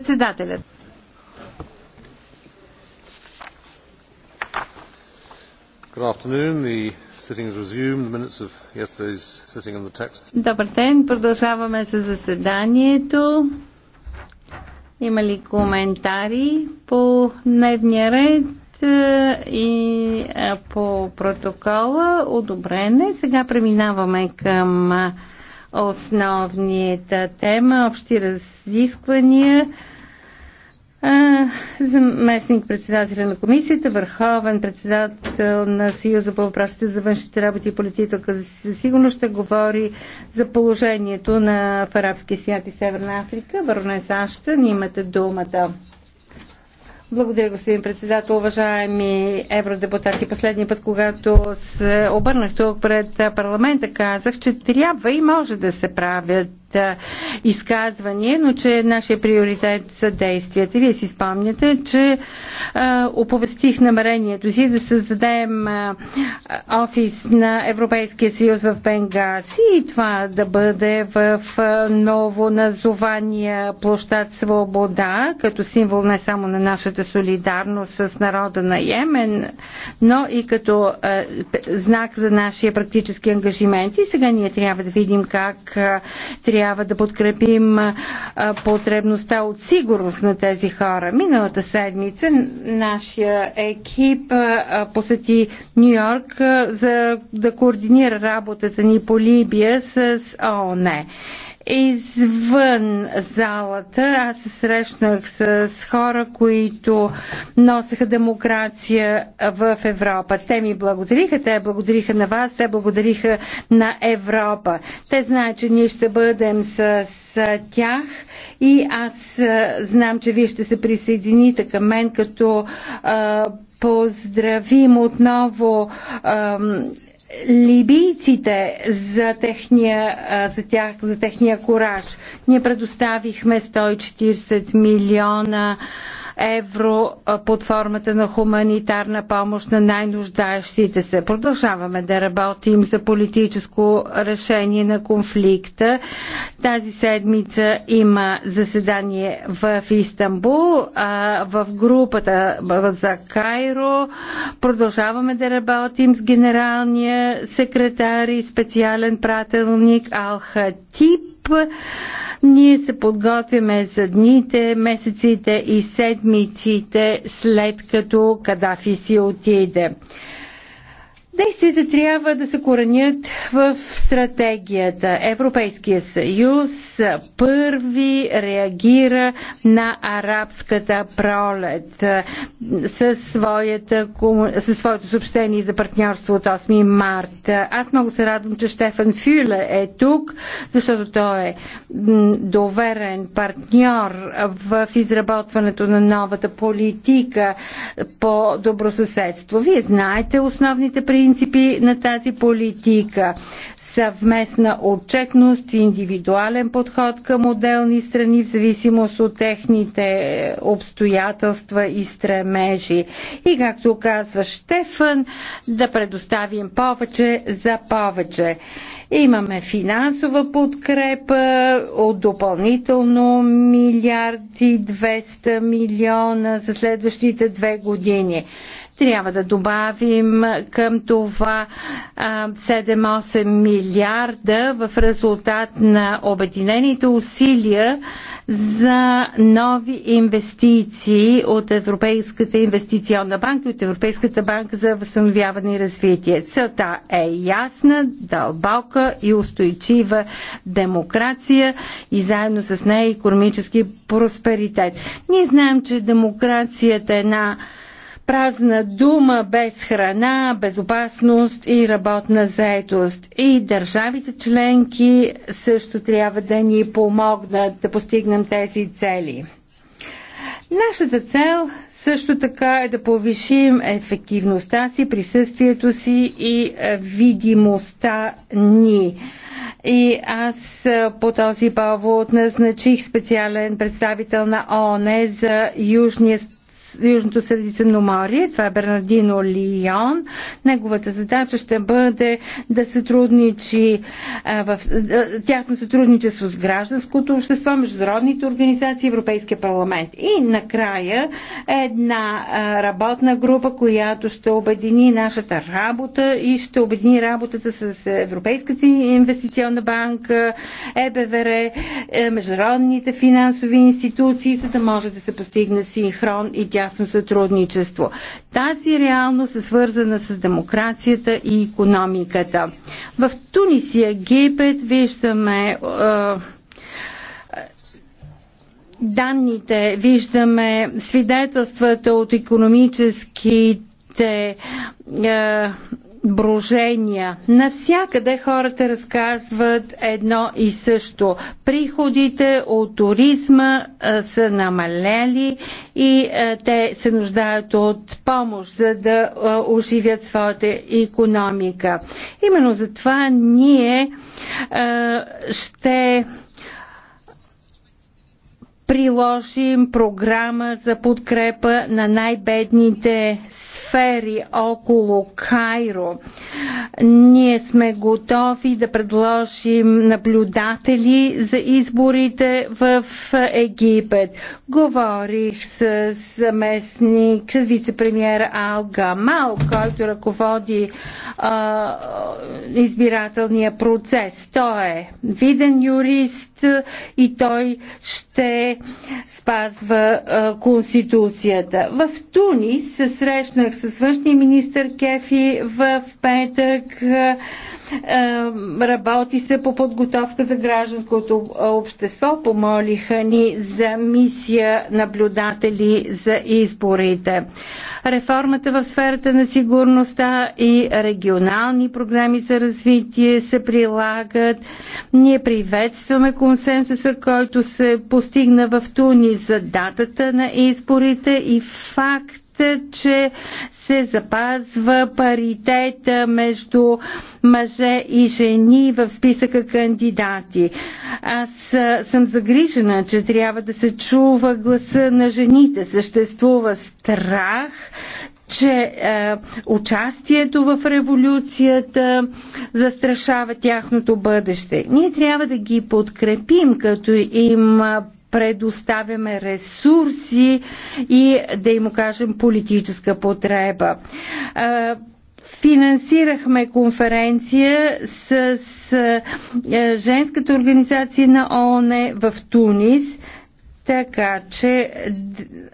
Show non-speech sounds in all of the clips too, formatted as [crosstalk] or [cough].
Председателят. Добър ден, продължаваме с заседанието. Има ли коментари по дневния ред е, и е, по протокола? Одобрене. Сега преминаваме към е, основната тема, общи разисквания заместник председателя на комисията, върховен председател на Съюза по въпросите за външните работи и политика за сигурност ще говори за положението на в арабския свят и Северна Африка. САЩ. Ни имате думата. Благодаря, господин председател. Уважаеми евродепутати, последния път, когато се обърнах тук пред парламента, казах, че трябва и може да се правят изказвания, но че нашия приоритет са действията. Вие си спомняте, че а, оповестих намерението си да създадем а, офис на Европейския съюз в Бенгаси и това да бъде в а, ново назование площад Свобода, като символ не само на нашата солидарност с народа на Йемен, но и като а, знак за нашия практически ангажимент. И сега ние трябва да видим как а, трябва трябва да подкрепим потребността от сигурност на тези хора. Миналата седмица нашия екип посети Нью Йорк за да координира работата ни по Либия с ООН. Е извън залата. Аз се срещнах с хора, които носеха демокрация в Европа. Те ми благодариха, те благодариха на вас, те благодариха на Европа. Те знаят, че ние ще бъдем с тях и аз знам, че вие ще се присъедините към мен като поздравим отново либийците за техния, за тях, за техния кураж. Ние предоставихме 140 милиона евро под формата на хуманитарна помощ на най-нуждаещите се. Продължаваме да работим за политическо решение на конфликта. Тази седмица има заседание в Истанбул, а в групата за Кайро продължаваме да работим с генералния секретар и специален прателник Алхатип настъпва. Ние се подготвяме за дните, месеците и седмиците след като Кадафи си отиде. Действията трябва да се коренят в стратегията. Европейския съюз първи реагира на арабската пролет със, своята, със своето съобщение за партньорство от 8 марта. Аз много се радвам, че Штефан Фюле е тук, защото той е доверен партньор в изработването на новата политика по добросъседство. Вие знаете основните причини принципи на тази политика съвместна отчетност, индивидуален подход към отделни страни в зависимост от техните обстоятелства и стремежи. И както казва Штефан, да предоставим повече за повече. Имаме финансова подкрепа от допълнително милиарди 200 милиона за следващите две години. Трябва да добавим към това 7-8 милиарда в резултат на обединените усилия за нови инвестиции от Европейската инвестиционна банка и от Европейската банка за възстановяване и развитие. Целта е ясна, дълбока и устойчива демокрация и заедно с нея економически просперитет. Ние знаем, че демокрацията е една празна дума без храна, безопасност и работна заетост. И държавите членки също трябва да ни помогнат да постигнем тези цели. Нашата цел също така е да повишим ефективността си, присъствието си и видимостта ни. И аз по този повод назначих специален представител на ООН за Южния Южното Средиземноморие. Това е Бернардино Лион. Неговата задача ще бъде да сътрудничи е, в е, тясно сътрудничество с гражданското общество, международните организации, Европейския парламент. И накрая една е, работна група, която ще обедини нашата работа и ще обедини работата с Европейската инвестиционна банка, ЕБВР, международните финансови институции, за да може да се постигне синхрон и тя тясно сътрудничество. Тази реалност е свързана с демокрацията и економиката. В Тунис и Египет виждаме е, данните, виждаме свидетелствата от економическите е, брожения. Навсякъде хората разказват едно и също. Приходите от туризма а, са намалели и а, те се нуждаят от помощ, за да а, оживят своята економика. Именно за това ние а, ще приложим програма за подкрепа на най-бедните Сфери около Кайро. Ние сме готови да предложим наблюдатели за изборите в Египет. Говорих с заместник, с вице премьера Ал Гамал, който ръководи а, избирателния процес. Той е виден юрист и той ще спазва а, Конституцията. В Тунис се срещнах с външния министр Кефи в петък. Е, е, работи се по подготовка за гражданското общество. Помолиха ни за мисия наблюдатели за изборите. Реформата в сферата на сигурността и регионални програми за развитие се прилагат. Ние приветстваме консенсуса, който се постигна в Туни за датата на изборите и факт факта, че се запазва паритета между мъже и жени в списъка кандидати. Аз съм загрижена, че трябва да се чува гласа на жените. Съществува страх, че е, участието в революцията застрашава тяхното бъдеще. Ние трябва да ги подкрепим, като им предоставяме ресурси и да им окажем политическа потреба. Финансирахме конференция с, с женската организация на ООН в Тунис, така че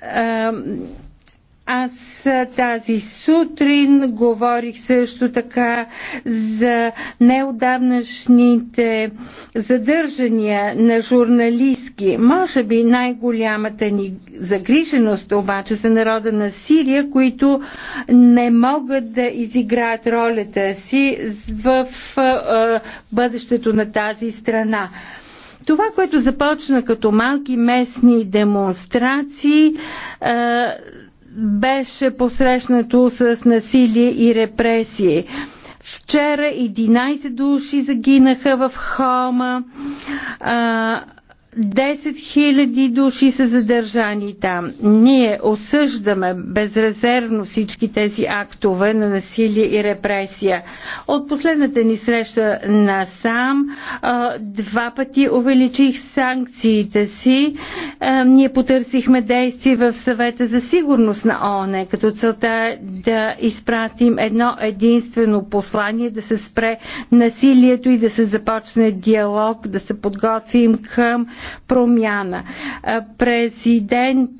а, аз тази сутрин говорих също така за неодавнашните задържания на журналистки. Може би най-голямата ни загриженост обаче за народа на Сирия, които не могат да изиграят ролята си в бъдещето на тази страна. Това, което започна като малки местни демонстрации, беше посрещнато с насилие и репресии. Вчера 11 души загинаха в Хома. А, 10 000 души са задържани там. Ние осъждаме безрезервно всички тези актове на насилие и репресия. От последната ни среща на сам, два пъти увеличих санкциите си. Ние потърсихме действия в съвета за сигурност на ОНЕ, като целта е да изпратим едно единствено послание, да се спре насилието и да се започне диалог, да се подготвим към промяна. Президент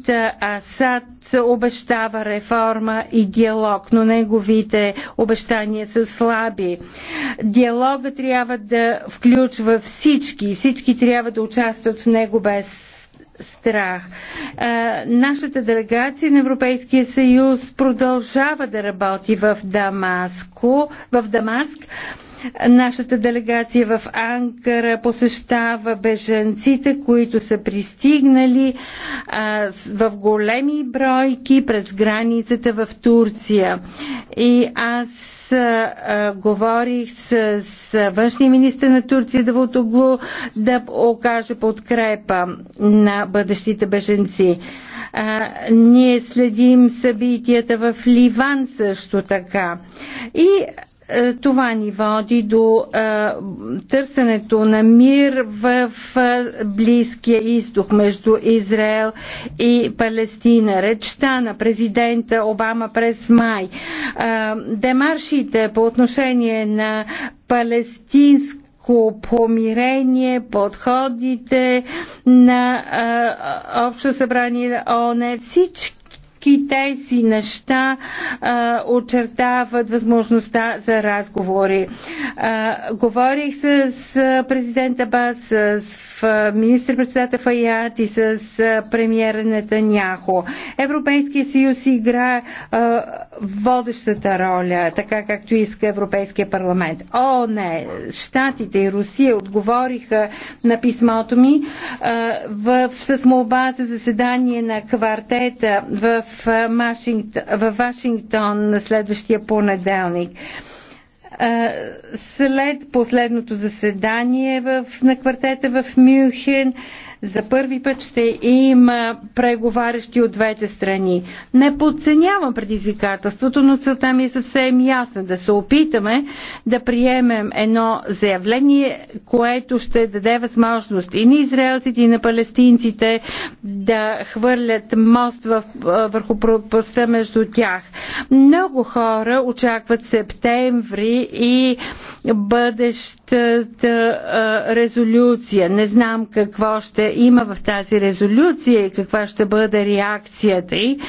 Асад обещава реформа и диалог, но неговите обещания са слаби. Диалога трябва да включва всички. Всички трябва да участват в него без страх. нашата делегация на Европейския съюз продължава да работи в Дамаско, в Дамаск Нашата делегация в Анкара посещава беженците, които са пристигнали а, в големи бройки през границата в Турция. И аз говорих с, с външния министр на Турция Давутоглу да окаже подкрепа на бъдещите беженци. А, ние следим събитията в Ливан също така. И е, това ни води до а, е, търсенето на мир в, в Близкия изток между Израел и Палестина. Речта на президента Обама през май. А, е, демаршите по отношение на палестинска помирение, подходите на а, Общо събрание на ОНЕ. Всички всички тези неща а, очертават възможността за разговори. А, говорих с, с президента Бас, с министър председател Фаят и с премиера Нетаняхо. Европейския съюз игра а, водещата роля, така както иска Европейския парламент. О, не! Штатите и Русия отговориха на писмото ми а, в, с молба за заседание на квартета в в Вашингтон на следващия понеделник след последното заседание в, на квартета в Мюнхен за първи път ще има преговарящи от двете страни. Не подценявам предизвикателството, но целта ми е съвсем ясна. Да се опитаме да приемем едно заявление, което ще даде възможност и на израелците, и на палестинците да хвърлят мост в, върху пропаста между тях. Много хора очакват септември и бъдещата резолюция. Не знам какво ще има в тази резолюция и каква ще бъде реакцията й.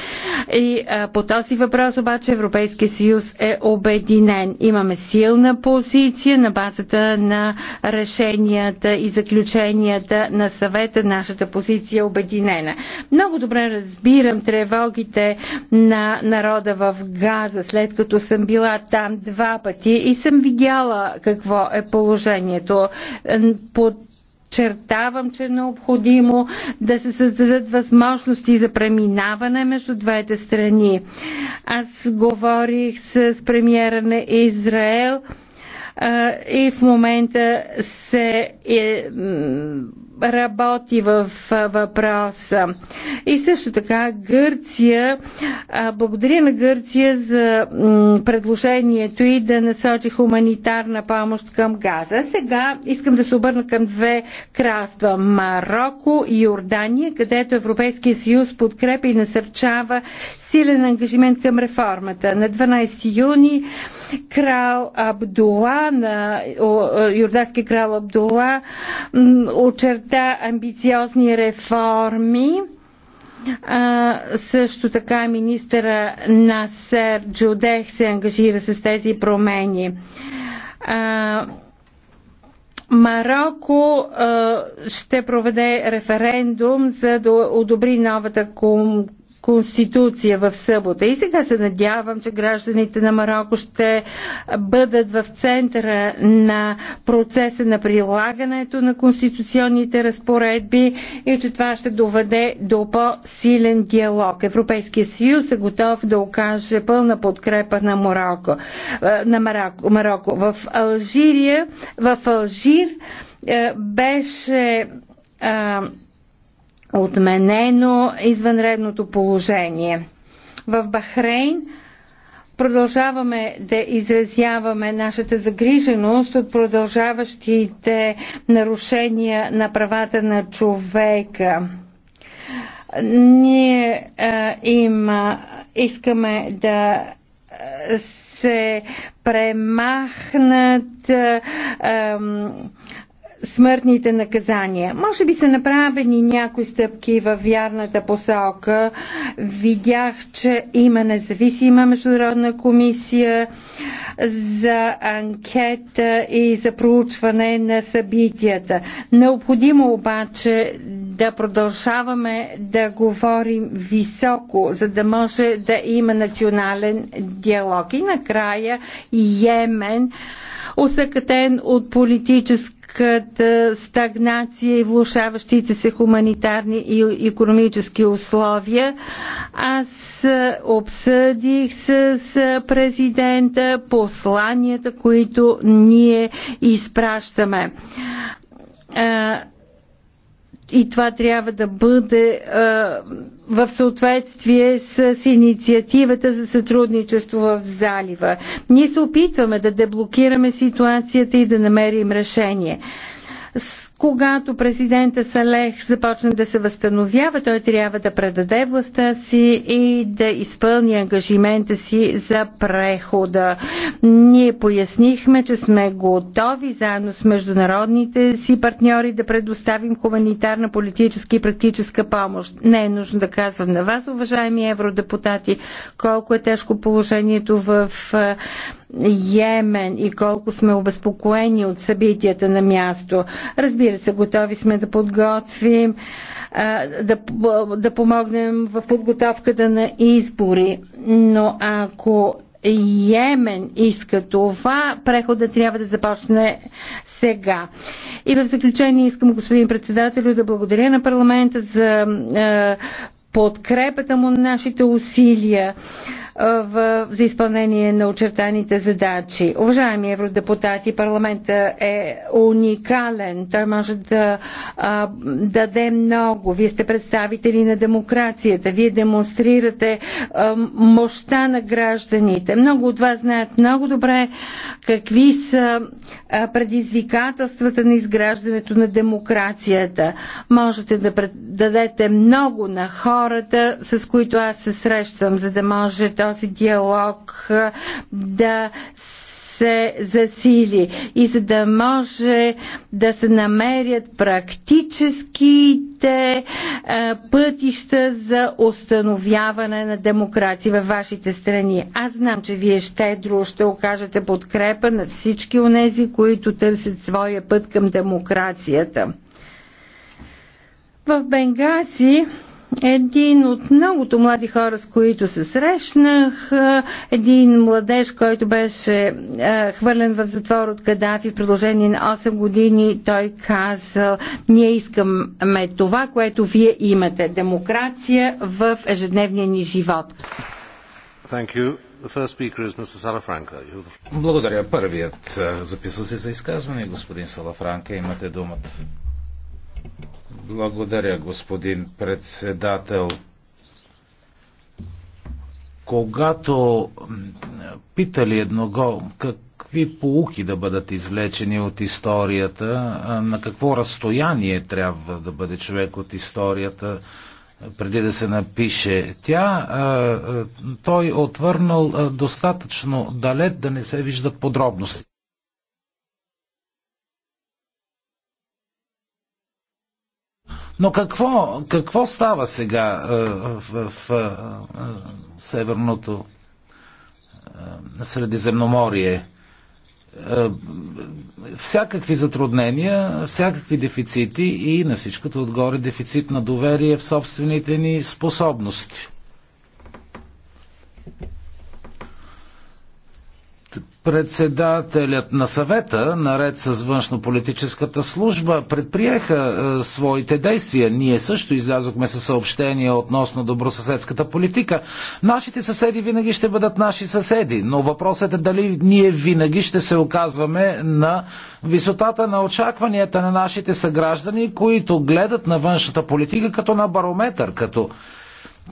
И а, по този въпрос обаче Европейския съюз е обединен. Имаме силна позиция на базата на решенията и заключенията на съвета. Нашата позиция е обединена. Много добре разбирам тревогите на народа в Газа, след като съм била там два пъти и съм видяла какво е положението. Под подчертавам, че е необходимо да се създадат възможности за преминаване между двете страни. Аз говорих с премиера на Израел и в момента се е, работи в въпроса. И също така Гърция, благодаря на Гърция за предложението и да насочи хуманитарна помощ към Газа. Сега искам да се обърна към две кралства Марокко и Йордания, където Европейския съюз подкрепи и насърчава силен ангажимент към реформата. На 12 юни крал Абдула, на юрданския крал Абдула, очерта амбициозни реформи. А, също така министъра Насер Джудех се ангажира с тези промени. А, Марокко ще проведе референдум за да одобри новата Конституция в събота. И сега се надявам, че гражданите на Марокко ще бъдат в центъра на процеса на прилагането на конституционните разпоредби и че това ще доведе до по-силен диалог. Европейския съюз е готов да окаже пълна подкрепа на Марокко. Е, на Марокко. Марокко. В Алжирия, в Алжир е, беше е, отменено извънредното положение. В Бахрейн Продължаваме да изразяваме нашата загриженост от продължаващите нарушения на правата на човека. Ние а, им а, искаме да се премахнат а, а, смъртните наказания. Може би са направени някои стъпки в вярната посока. Видях, че има независима международна комисия за анкета и за проучване на събитията. Необходимо обаче да продължаваме да говорим високо, за да може да има национален диалог. И накрая Йемен, усъкътен от политически тежката стагнация и влушаващите се хуманитарни и економически условия. Аз обсъдих с президента посланията, които ние изпращаме и това трябва да бъде а, в съответствие с, с инициативата за сътрудничество в залива. Ние се опитваме да деблокираме ситуацията и да намерим решение. С когато президента Салех започне да се възстановява, той трябва да предаде властта си и да изпълни ангажимента си за прехода. Ние пояснихме, че сме готови заедно с международните си партньори да предоставим хуманитарна, политическа и практическа помощ. Не е нужно да казвам на вас, уважаеми евродепутати, колко е тежко положението в Йемен и колко сме обезпокоени от събитията на място. Разбира Разбира се, готови сме да подготвим, да, да помогнем в подготовката на избори, но ако Йемен иска това, прехода трябва да започне сега. И в заключение искам, господин председател, да благодаря на парламента за подкрепата му на нашите усилия в, за изпълнение на очертаните задачи. Уважаеми евродепутати, парламента е уникален. Той може да а, даде много. Вие сте представители на демокрацията. Вие демонстрирате а, мощта на гражданите. Много от вас знаят много добре какви са а, предизвикателствата на изграждането на демокрацията. Можете да дадете много на хората, с които аз се срещам, за да може той този диалог да се засили и за да може да се намерят практическите а, пътища за установяване на демокрация във вашите страни. Аз знам, че вие щедро ще окажете подкрепа на всички онези, които търсят своя път към демокрацията. В Бенгази един от многото млади хора, с които се срещнах, един младеж, който беше хвърлен в затвор от Кадафи в продължение на 8 години, той каза, ние искаме това, което вие имате – демокрация в ежедневния ни живот. Благодаря. Първият записал се за изказване, е господин Салафранка. Имате думата. Благодаря, господин председател. Когато питали едного какви поуки да бъдат извлечени от историята, на какво разстояние трябва да бъде човек от историята, преди да се напише тя, той отвърнал достатъчно далет да не се виждат подробности. Но какво, какво става сега е, в, в, в е, Северното е, Средиземноморие? всякакви затруднения, всякакви дефицити и на всичкото отгоре дефицит на доверие в собствените ни способности председателят на съвета, наред с външнополитическата служба, предприеха е, своите действия. Ние също излязохме със съобщения относно добросъседската политика. Нашите съседи винаги ще бъдат наши съседи, но въпросът е дали ние винаги ще се оказваме на висотата на очакванията на нашите съграждани, които гледат на външната политика като на барометър, като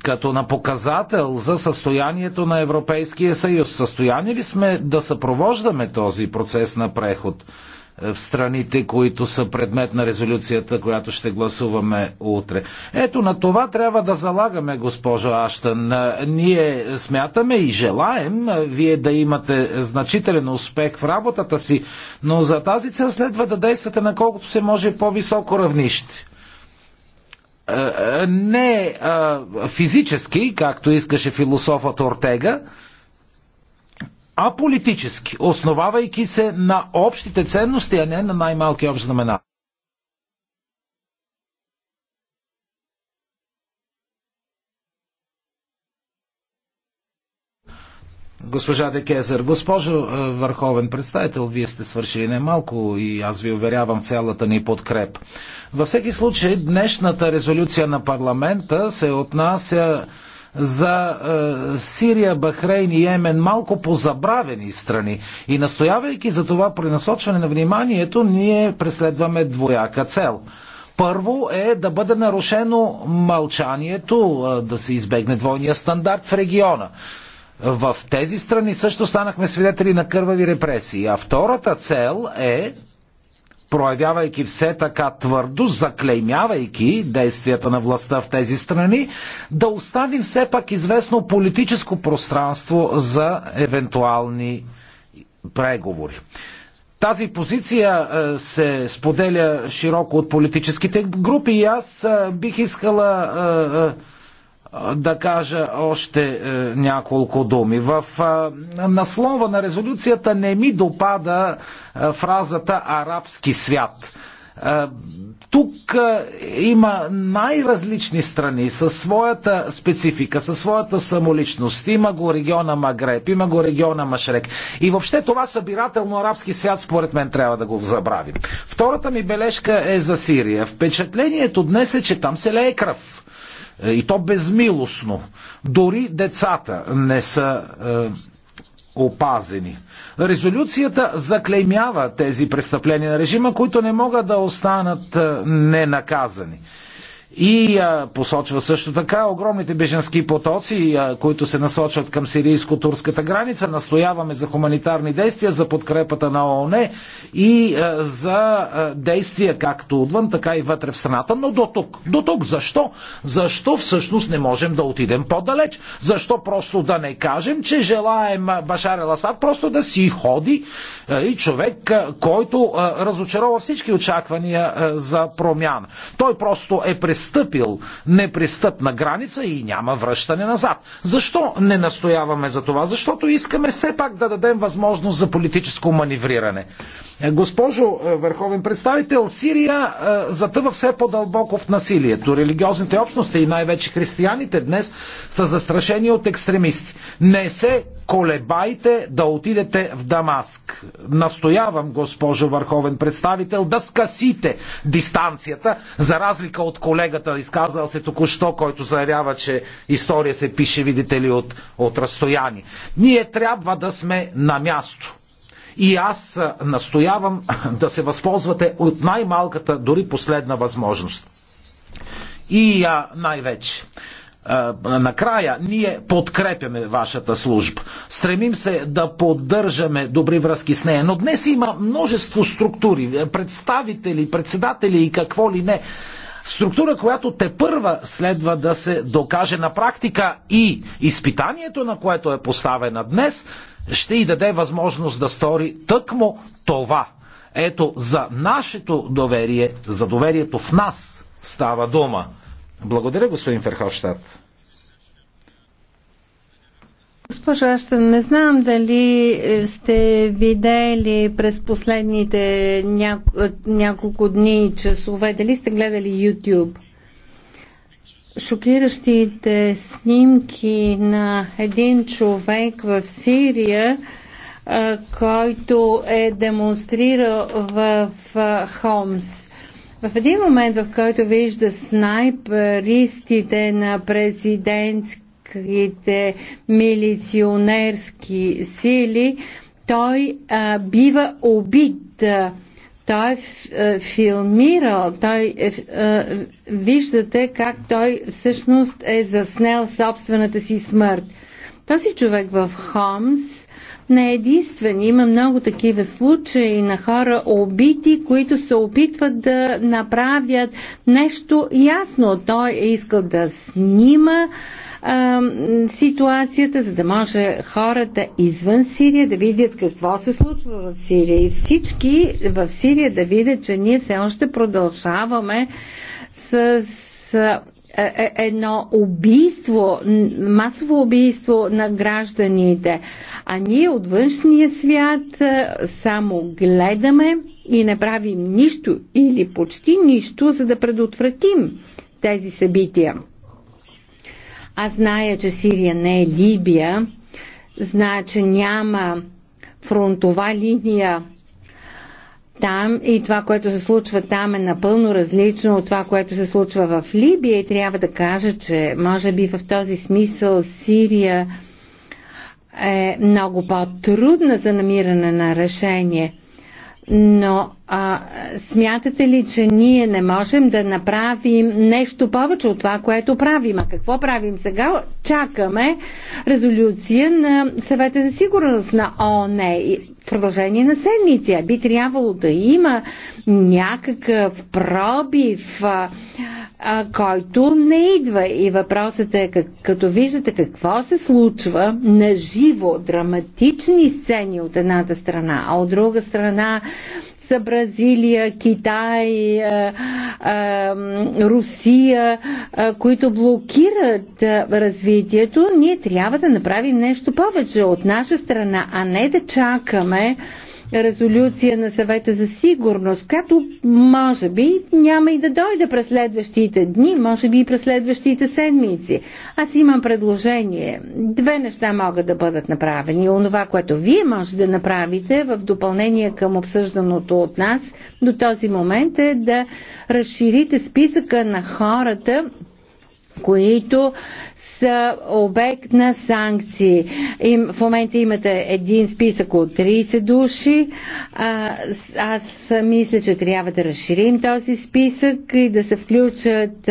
като на показател за състоянието на Европейския съюз. Състояние ли сме да съпровождаме този процес на преход е, в страните, които са предмет на резолюцията, която ще гласуваме утре? Ето на това трябва да залагаме, госпожо Аштън. Е, ние смятаме и желаем е, вие да имате значителен успех в работата си, но за тази цел следва да действате на колкото се може по-високо равнище. Е, е, не е, физически, както искаше философът Ортега, а политически, основавайки се на общите ценности, а не на най-малки общ знаменател. Госпожа Декезер, госпожо е, Върховен представител, вие сте свършили немалко и аз ви уверявам цялата ни подкреп. Във всеки случай, днешната резолюция на парламента се отнася за е, Сирия, Бахрейн и Йемен малко позабравени страни. И настоявайки за това пренасочване на вниманието, ние преследваме двояка цел. Първо е да бъде нарушено мълчанието, е, да се избегне двойния стандарт в региона. В тези страни също станахме свидетели на кървави репресии. А втората цел е проявявайки все така твърдо, заклеймявайки действията на властта в тези страни, да оставим все пак известно политическо пространство за евентуални преговори. Тази позиция е, се споделя широко от политическите групи и аз е, бих искала е, да кажа още е, няколко думи. В е, наслова на резолюцията не ми допада е, фразата арабски свят. Е, тук е, има най-различни страни със своята специфика, със своята самоличност. Има го региона Магреб, има го региона Машрек. И въобще това събирателно арабски свят, според мен, трябва да го забравим. Втората ми бележка е за Сирия. Впечатлението днес е, че там се лее кръв е, и то безмилостно. Дори децата не са е, опазени. Резолюцията заклеймява тези престъпления на режима, които не могат да останат е, ненаказани. И а, посочва също така огромните беженски потоци, а, които се насочват към сирийско-турската граница. Настояваме за хуманитарни действия, за подкрепата на ООН и а, за а, действия както отвън, така и вътре в страната. Но до тук. До тук. Защо? Защо всъщност не можем да отидем по-далеч? Защо просто да не кажем, че желаем Башар Еласад просто да си ходи а, и човек, а, който а, разочарова всички очаквания а, за промяна. Той просто е през престъпил непристъпна граница и няма връщане назад. Защо не настояваме за това? Защото искаме все пак да дадем възможност за политическо маневриране. Е, госпожо е, върховен представител, Сирия е, затъва все по-дълбоко в насилието. Религиозните общности и най-вече християните днес са застрашени от екстремисти. Не се колебайте да отидете в Дамаск. Настоявам, госпожо върховен представител, да скасите дистанцията, за разлика от колегата, изказал се току-що, който заявява, че история се пише, видите ли, от, от разстояние. Ние трябва да сме на място. И аз настоявам [laughs] да се възползвате от най-малката, дори последна възможност. И най-вече накрая, ние подкрепяме вашата служба. Стремим се да поддържаме добри връзки с нея. Но днес има множество структури, представители, председатели и какво ли не. Структура, която те първа следва да се докаже на практика и изпитанието, на което е поставена днес, ще й даде възможност да стори тъкмо това. Ето за нашето доверие, за доверието в нас става дума. Благодаря, господин Ферховщад. Госпожо Аштън, не знам дали е, сте видели през последните няко... Е, няколко дни и часове, дали сте гледали YouTube. Шокиращите снимки на един човек в Сирия, е, който е демонстрирал в Хомс в един момент, в който вижда снайперистите на президентските милиционерски сили, той а, бива убит. Той е филмирал, той е, виждате как той всъщност е заснел собствената си смърт. Този човек в Хомс не е единствен. Има много такива случаи на хора убити, които се опитват да направят нещо ясно. Той е искал да снима а, ситуацията, за да може хората извън Сирия да видят какво се случва в Сирия и всички в Сирия да видят, че ние все още продължаваме с е, е, едно убийство, масово убийство на гражданите. А ние от външния свят е, само гледаме и не правим нищо или почти нищо, за да предотвратим тези събития. Аз зная, че Сирия не е Либия, зная, че няма фронтова линия там и това, което се случва там е напълно различно от това, което се случва в Либия и трябва да кажа, че може би в този смисъл Сирия е много по-трудна за намиране на решение. Но а, смятате ли, че ние не можем да направим нещо повече от това, което правим? А какво правим сега? Чакаме резолюция на съвета за сигурност на ООН в продължение на седмици. Би трябвало да има някакъв пробив, а, а, който не идва. И въпросът е, как, като виждате какво се случва на живо, драматични сцени от едната страна, а от друга страна за Бразилия, Китай, е, е, Русия, е, които блокират развитието, ние трябва да направим нещо повече от наша страна, а не да чакаме резолюция на съвета за сигурност, като може би няма и да дойде през следващите дни, може би и през следващите седмици. Аз имам предложение. Две неща могат да бъдат направени. Онова, което вие може да направите в допълнение към обсъжданото от нас до този момент е да разширите списъка на хората, които са обект на санкции. Им, в момента имате един списък от 30 души. А, аз мисля, че трябва да разширим този списък и да се включат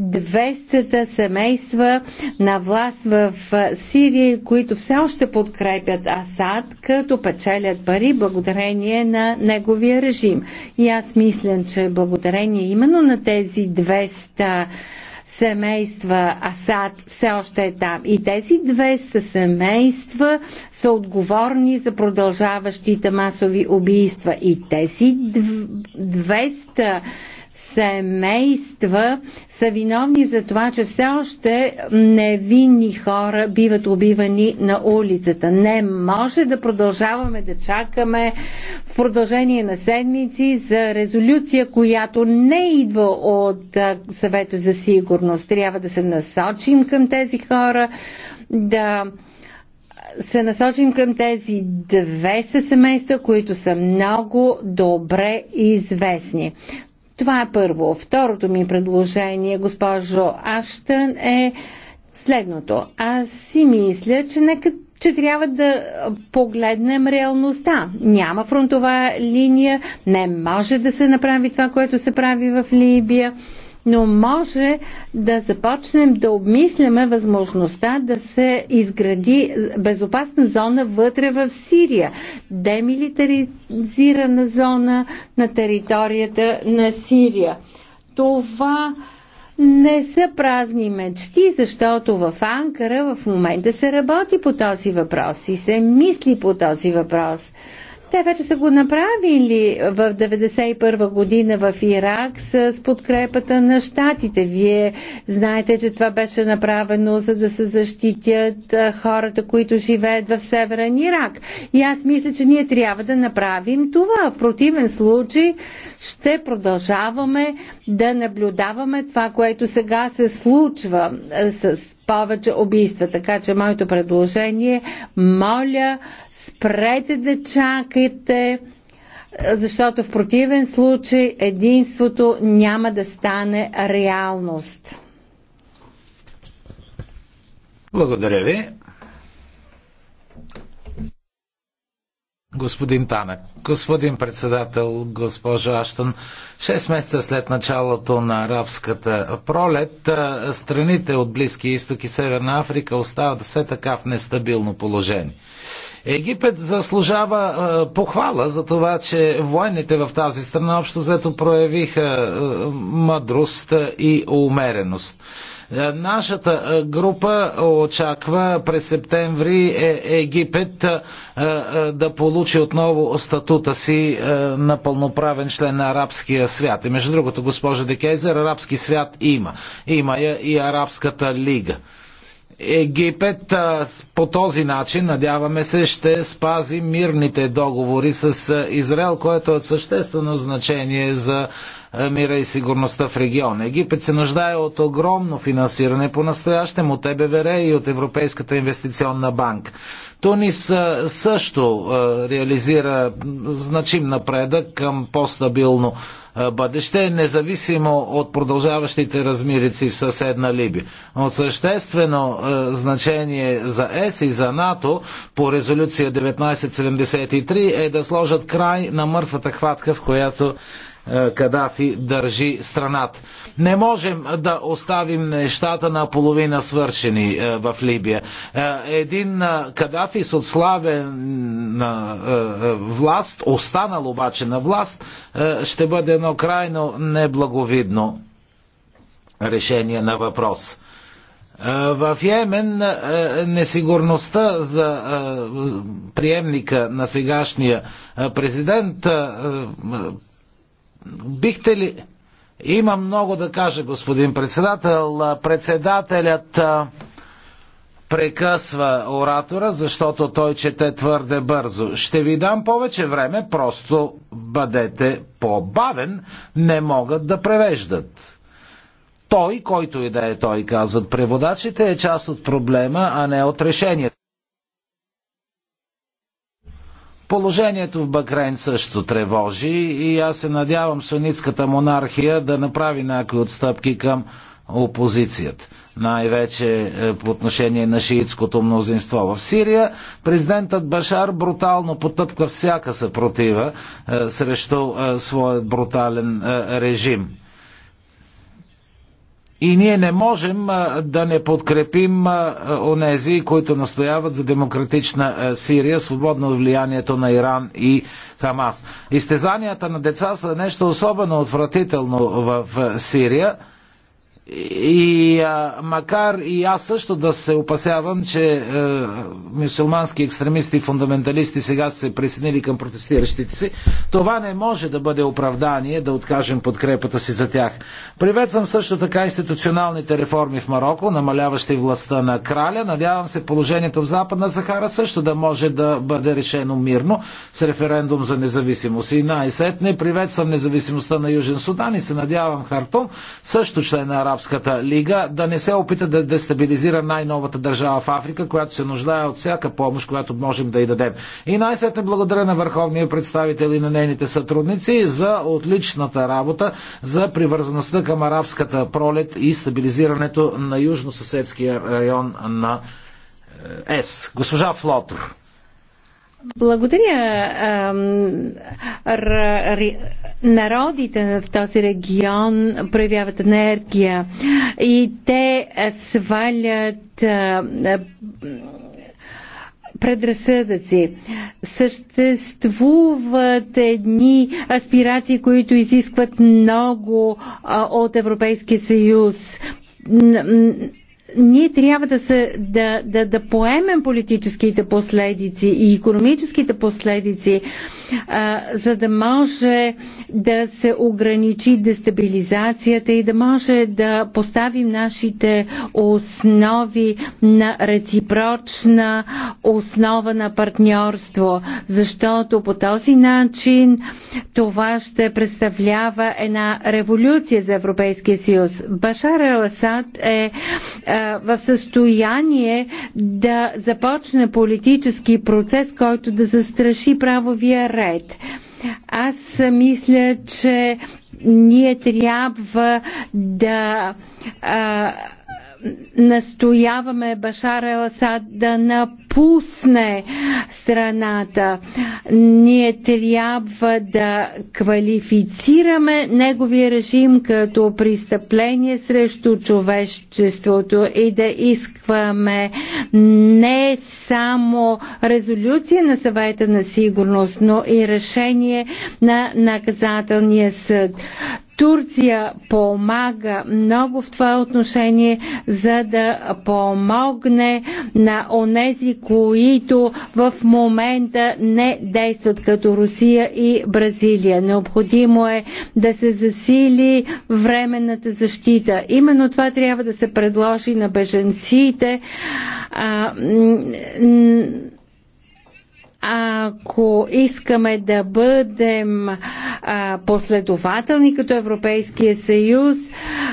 200 семейства на власт в Сирия, които все още подкрепят Асад, като печелят пари благодарение на неговия режим. И аз мисля, че благодарение именно на тези 200 семейства Асад все още е там. И тези 200 семейства са отговорни за продължаващите масови убийства. И тези 200 семейства са виновни за това, че все още невинни хора биват убивани на улицата. Не може да продължаваме да чакаме в продължение на седмици за резолюция, която не идва от съвета за сигурност. Трябва да се насочим към тези хора, да се насочим към тези 200 семейства, които са много добре известни. Това е първо. Второто ми предложение, госпожо Аштън, е следното. Аз си мисля, че нека че трябва да погледнем реалността. Няма фронтова линия, не може да се направи това, което се прави в Либия но може да започнем да обмисляме възможността да се изгради безопасна зона вътре в Сирия, демилитаризирана зона на територията на Сирия. Това не са празни мечти, защото в Анкара в момента се работи по този въпрос и се мисли по този въпрос. Те вече са го направили в 1991 година в Ирак с подкрепата на щатите. Вие знаете, че това беше направено за да се защитят хората, които живеят в Северен Ирак. И аз мисля, че ние трябва да направим това. В противен случай ще продължаваме да наблюдаваме това, което сега се случва с повече убийства. Така че моето предложение, моля, спрете да чакайте, защото в противен случай единството няма да стане реалност. Благодаря ви. Господин Танък, господин председател, госпожо Аштън, 6 месеца след началото на арабската пролет, страните от Близкия изток и Северна Африка остават все така в нестабилно положение. Египет заслужава похвала за това, че военните в тази страна общо взето проявиха мъдрост и умереност. Е, нашата е, група очаква през септември е, Египет да получи отново статута си на пълноправен член на арабския свят. И между другото, госпожа Декейзер, арабски свят има. Има я и Арабската лига. Египет по този начин, надяваме се, ще спази мирните договори с Израел, което е от съществено значение за е, мира и сигурността в региона. Египет се нуждае от огромно финансиране по настоящем от ЕБВР и от Европейската инвестиционна банка. Тунис е, също е, реализира значим напредък към по-стабилно бъдеще, независимо от продължаващите размирици в съседна Либия. От съществено значение за ЕС и за НАТО по резолюция 1973 е да сложат край на мъртвата хватка, в която е, Кадафи държи страната. Не можем да оставим нещата на половина свършени е, в Либия. Е, един Кадафи с отслабен власт, останал обаче на власт, ще бъде едно крайно неблаговидно решение на въпрос. В Йемен несигурността за приемника на сегашния президент бихте ли... Има много да кажа, господин председател. Председателят прекъсва оратора, защото той чете твърде бързо. Ще ви дам повече време, просто бъдете по-бавен, не могат да превеждат. Той, който и да е той, казват преводачите, е част от проблема, а не от решението. Положението в Бахрейн също тревожи и аз се надявам сунитската монархия да направи някои отстъпки към опозицията, най-вече е, по отношение на шиитското мнозинство. В Сирия президентът Башар брутално потъпка всяка съпротива е, срещу е, своят брутален режим. И ние не можем да не подкрепим онези, които настояват за демократична Сирия, свободно от влиянието на Иран и Хамас. Изтезанията на деца са нещо особено отвратително в Сирия и а, макар и аз също да се опасявам, че е, мусулмански екстремисти и фундаменталисти сега са се присъединили към протестиращите си, това не може да бъде оправдание да откажем подкрепата си за тях. Приветствам също така институционалните реформи в Марокко, намаляващи властта на краля. Надявам се положението в Западна Сахара също да може да бъде решено мирно с референдум за независимост. И най-сетне приветствам независимостта на Южен Судан и се надявам Хартум, също член на Араб Арабската лига да не се опита да дестабилизира най-новата държава в Африка, която се нуждае от всяка помощ, която можем да й дадем. И най-сетне благодаря на върховния представител и на нейните сътрудници за отличната работа, за привързаността към арабската пролет и стабилизирането на южно-съседския район на е, ЕС. Госпожа Флотор. Благодаря народите в този регион проявяват енергия и те свалят предразсъдъци. Съществуват едни аспирации, които изискват много от Европейския съюз ние трябва да, се, да, да, да поемем политическите последици и економическите последици, а, за да може да се ограничи дестабилизацията и да може да поставим нашите основи на реципрочна основа на партньорство, защото по този начин това ще представлява една революция за Европейския съюз. Башар Аласад е а, в състояние да започне политически процес, който да застраши правовия ред. Аз мисля, че ние трябва да а, настояваме Башар Еласад да напусне страната. Ние трябва да квалифицираме неговия режим като престъпление срещу човечеството и да искваме не само резолюция на съвета на сигурност, но и решение на наказателния съд. Турция помага много в това отношение, за да помогне на онези, които в момента не действат като Русия и Бразилия. Необходимо е да се засили временната защита. Именно това трябва да се предложи на беженците. А, ако искаме да бъдем а, последователни като Европейския съюз,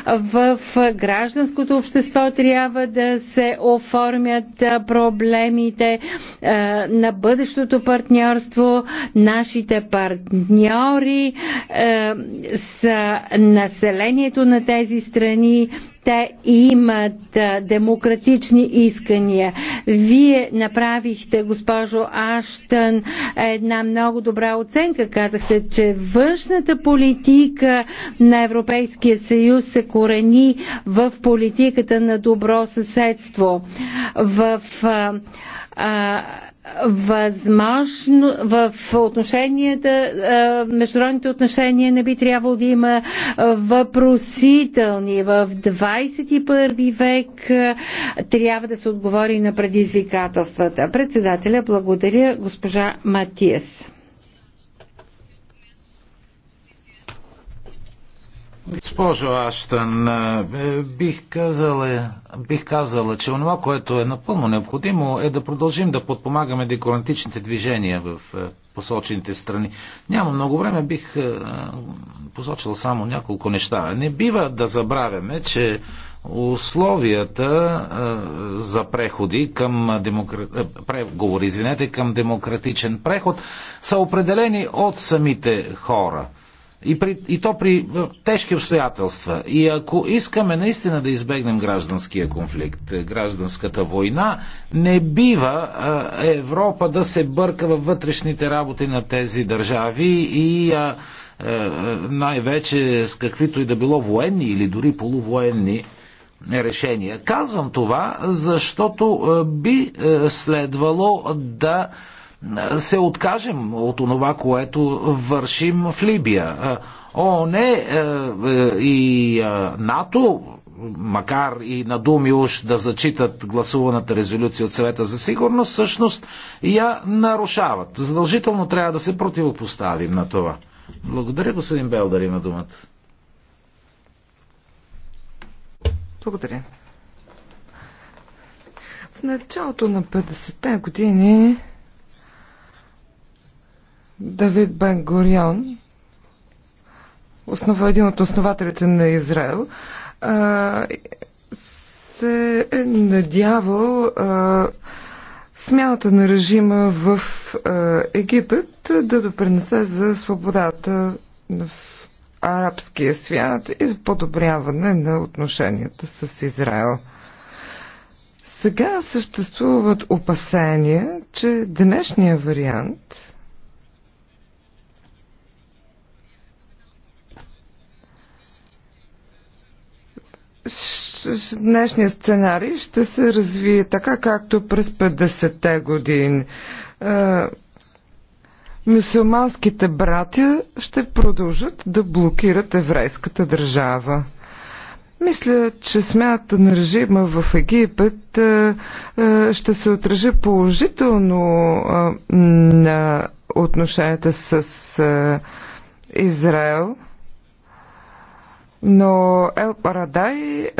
в гражданското общество трябва да се оформят проблемите а, на бъдещото партньорство. Нашите партньори а, са населението на тези страни, те имат демократични искания. Вие направихте, госпожо Аштън, една много добра оценка. Казахте, че външната политика на Европейския съюз се корени в политиката на добро съседство. В а, а, възможно в отношенията, международните отношения не би трябвало да има въпросителни. В 21 век трябва да се отговори на предизвикателствата. Председателя, благодаря госпожа Матиес. Госпожо Аштън, е, бих казала, бих казала, че онова, което е напълно необходимо, е да продължим да подпомагаме декорантичните движения в е, посочените страни. Няма много време, бих е, посочил само няколко неща. Не бива да забравяме, че условията за преходи към демокра... преговор, извинете, към демократичен преход са определени от самите хора – и, при, и то при е, тежки обстоятелства. И ако искаме наистина да избегнем гражданския конфликт, е, гражданската война, не бива а, е, Европа да се бърка във вътрешните работи на тези държави и а, а, най-вече с каквито и да било военни или дори полувоенни решения. Казвам това, защото би следвало да се откажем от онова, което вършим в Либия. Е, ООН е, е, и НАТО, макар и на думи уж да зачитат гласуваната резолюция от съвета за сигурност, всъщност я нарушават. Задължително трябва да се противопоставим на това. Благодаря, господин Белдар, има думата. Благодаря. В началото на 50-те години Давид Бен Горион, основа, един от основателите на Израел, а, се е надявал а, смяната на режима в а, Египет да допринесе за свободата в арабския свят и за подобряване на отношенията с Израел. Сега съществуват опасения, че днешния вариант Днешния сценарий ще се развие така, както през 50-те години. мюсулманските братя ще продължат да блокират еврейската държава. Мисля, че смята на режима в Египет ще се отражи положително на отношенията с Израел – но Ел Парадай е,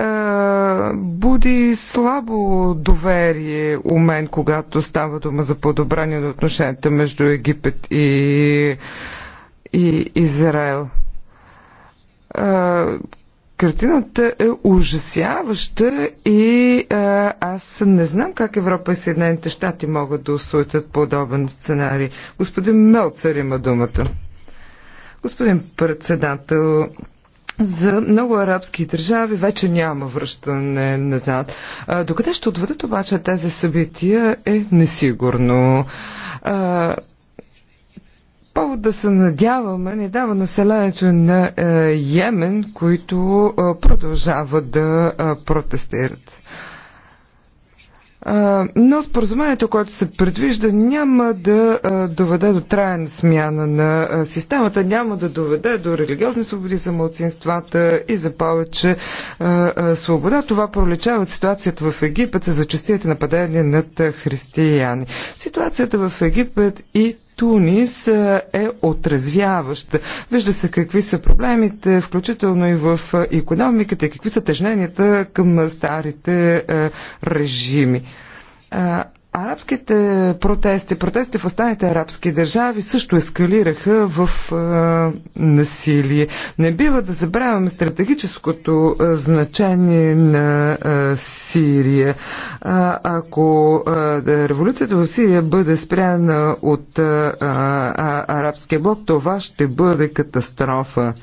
буди слабо доверие у мен, когато става дума за подобрение на отношенията между Египет и, и Израел. Е, картината е ужасяваща и а, е, аз не знам как Европа и Съединените щати могат да осуетят подобен сценарий. Господин Мелцер има думата. Господин председател, за много арабски държави вече няма връщане назад. Докъде ще отведат обаче тези събития е несигурно. Повод да се надяваме не дава населението на е, Йемен, които е, продължават да е, протестират но споразумението, което се предвижда, няма да доведе до трайна смяна на системата, няма да доведе до религиозни свободи за младсинствата и за повече свобода. Това проличава от ситуацията в Египет за зачастите нападения над християни. Ситуацията в Египет и Тунис е отрезвяваща. Вижда се какви са проблемите, включително и в економиката, и какви са тежненията към старите режими. Арабските протести, протести в останалите арабски държави също ескалираха в а, насилие. Не бива да забравяме стратегическото а, значение на а, Сирия. А, ако а, революцията в Сирия бъде спряна от а, а, арабския блок, това ще бъде катастрофа.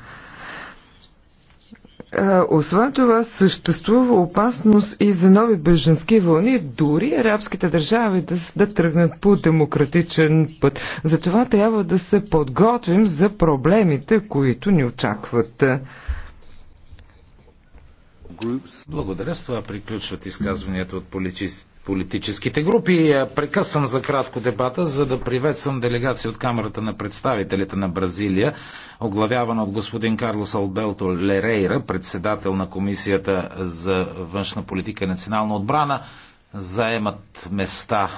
Освен това, съществува опасност и за нови беженски вълни, дори арабските държави да, да тръгнат по демократичен път. Затова трябва да се подготвим за проблемите, които ни очакват. Благодаря. С това приключват изказванията от политиците политическите групи. Е, прекъсвам за кратко дебата, за да приветствам делегация от Камерата на представителите на Бразилия, оглавявана от господин Карлос Албелто Лерейра, председател на Комисията за външна политика и национална отбрана. Заемат места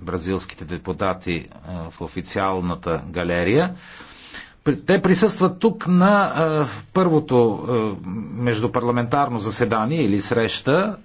бразилските депутати е, в официалната галерия. Те присъстват тук на е, първото междупарламентарно заседание или среща